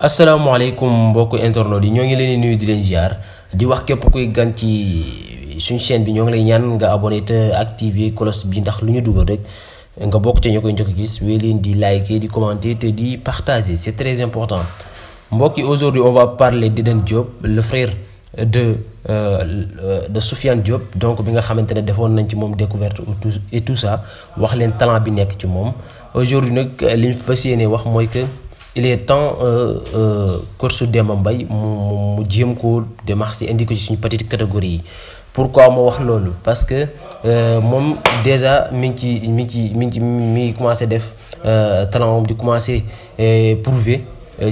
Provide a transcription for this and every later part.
alaykum beaucoup internautes yi ñoo ngi leen di nuyu di leen ziar di wax képp kuy gan ci suñ chaîne bi ñoo ngi lay ñaan nga abonné te bi ndax lu ñu rek nga bokk ci di liker di commenter te di partager c'est très important mbokk aujourd'hui on va parler d'Iden Diop le frère de euh, de Soufiane Diop donc bi nga xamante ne nañ ci moom découverte et tout ça wax leen talent bi nekk ci aujourd'hui nag wax que il est temps euh, euh, course Demba Mbaye mu mu de koo démarche indi ko ci suñu petite catégorie pourquoi mo wax lolu parce que euh, mom déjà mi ci mi ci mi ngi ci mi ngi def talent moom di commencé prouver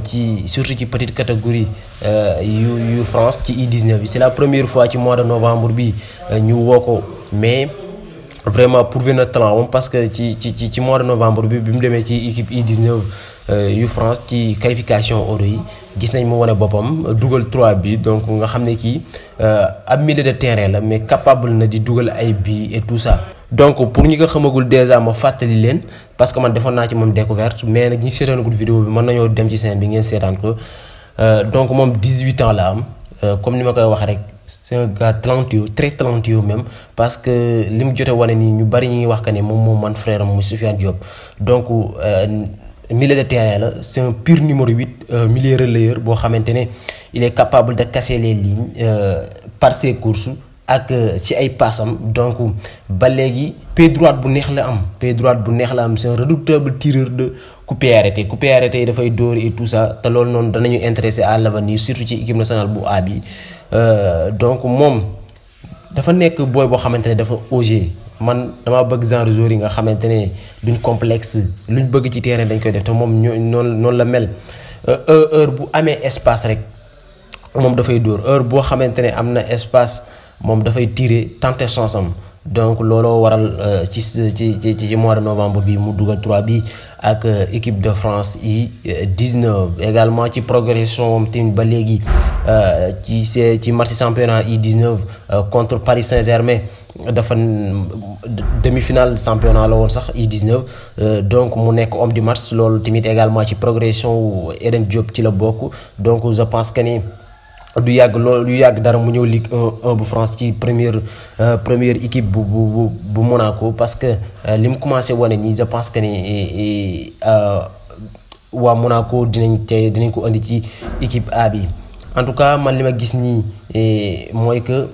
ci surtout ci petite catégorie yu yu France ci U19 c'est la première fois ci mois de novembre bi ñu woko mais vraiment prouvé notre talent parce que ci ci ci mois de novembre bi bi mu demee ci équipe U19 yu euh, France ci qualification Euro yi gis nañ mu wane boppam dugal 3 bi donc nga xam ne kii euh, ab milieu de terrain la mais capable na di dugal ay bi et tout ça. donc pour ñi ko xamagul déjà ma fàttali leen parce que man defoon naa ci moom découverte mais nag ñi seetaanagul vidéo bi mën nañoo dem ci scène bi ngeen seetaan ko euh, donc moom 18 ans la am comme ni ma koy wax rek c'est un gars talentueux très même parce que lim jotté ñu que frère donc euh, c'est un pur numéro 8, il est capable de casser les lignes euh, par ses courses ak ci euh, ay passam donc ba léegi pied droite bu neex la am pied droite bu neex la am c'est un redoutable tireur de coupé arrêté coupé arrêté yi dafay dóor et tout ça te loolu noonu danañu intéressé à l'avenir surtout ci équipe nationale bu A bi euh, donc moom dafa nekk booy boo xamante ne dafa osé man dama bëgg genre joueur yi nga xamante ne duñ complexe luñ bëgg ci terrain dañ koy def te moom ñoo noonu noonu la mel euh, heure bu amee espace rek moom dafay dóor heure boo xamante ne am na espace moom dafay tirer tenter chance am donc looloo waral euh, ci ci ci ci mois de novembre bi mu dugal 3 bi ak euh, équipe de France yi 19 euh, également ci progression moom tamit ba léegi ci ci match championnat yi 19 contre Paris Saint-Germain dafa demi-finale championnat la woon sax yi 19 donc mu nekk homme du match loolu tamit également ci progression wu Eden Diop ci la bokk donc je pense que ni. du yàgg loolu du yàgg dara mu ñëw Ligue 1 France ci première euh, première équipe bu bu bu Monaco parce que euh, li mu commencé wane nii je pense que ni euh, waa Monaco dinañ te dinañ ko indi ci équipe A bi en tout cas man li ma gis nii mooy que.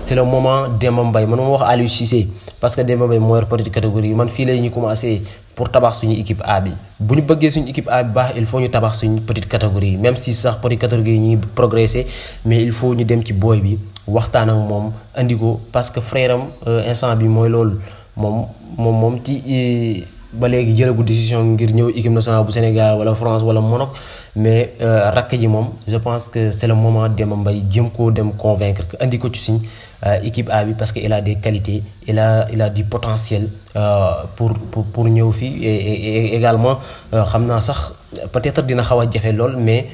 c'est le moment des Mbaye man à wax Aliou Cissé parce que des Mbaye moo pour petite catégorie man fii ni commencé pour tabax suñu équipe A bi bu ñu une équipe A il faut ñu tabax une petite catégorie même si sax petite catégorie yi progresser, mais il faut ñu dem qui boy bi waxtaan ak moom andigo parce que frère am euh, instant bi moi loolu mom mom mom ci. Euh, ba léegi jëlagu décision ngir ñëw équipe nationale bu Sénégal wala France wala Monaco mais euh, rakk ji moom je pense que c' est le moment de Mbaye jëm koo dem convaincre que andi ko ci suñ euh, équipe A bi parce que il a des qualités il a il a du potentiel euh, pour pour pour ñëw fi et également xam naa sax peut-être dina xaw a jafe lool mais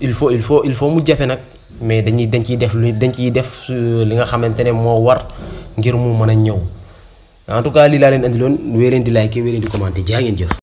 il faut il faut il faut mu jafe nag mais dañuy dañ ciy def lu dañ ciy def li nga xamante ne moo war ngir mu mën a ñëw. en tout cas lii laa leen andiloon wéy leen di ngeen jëf.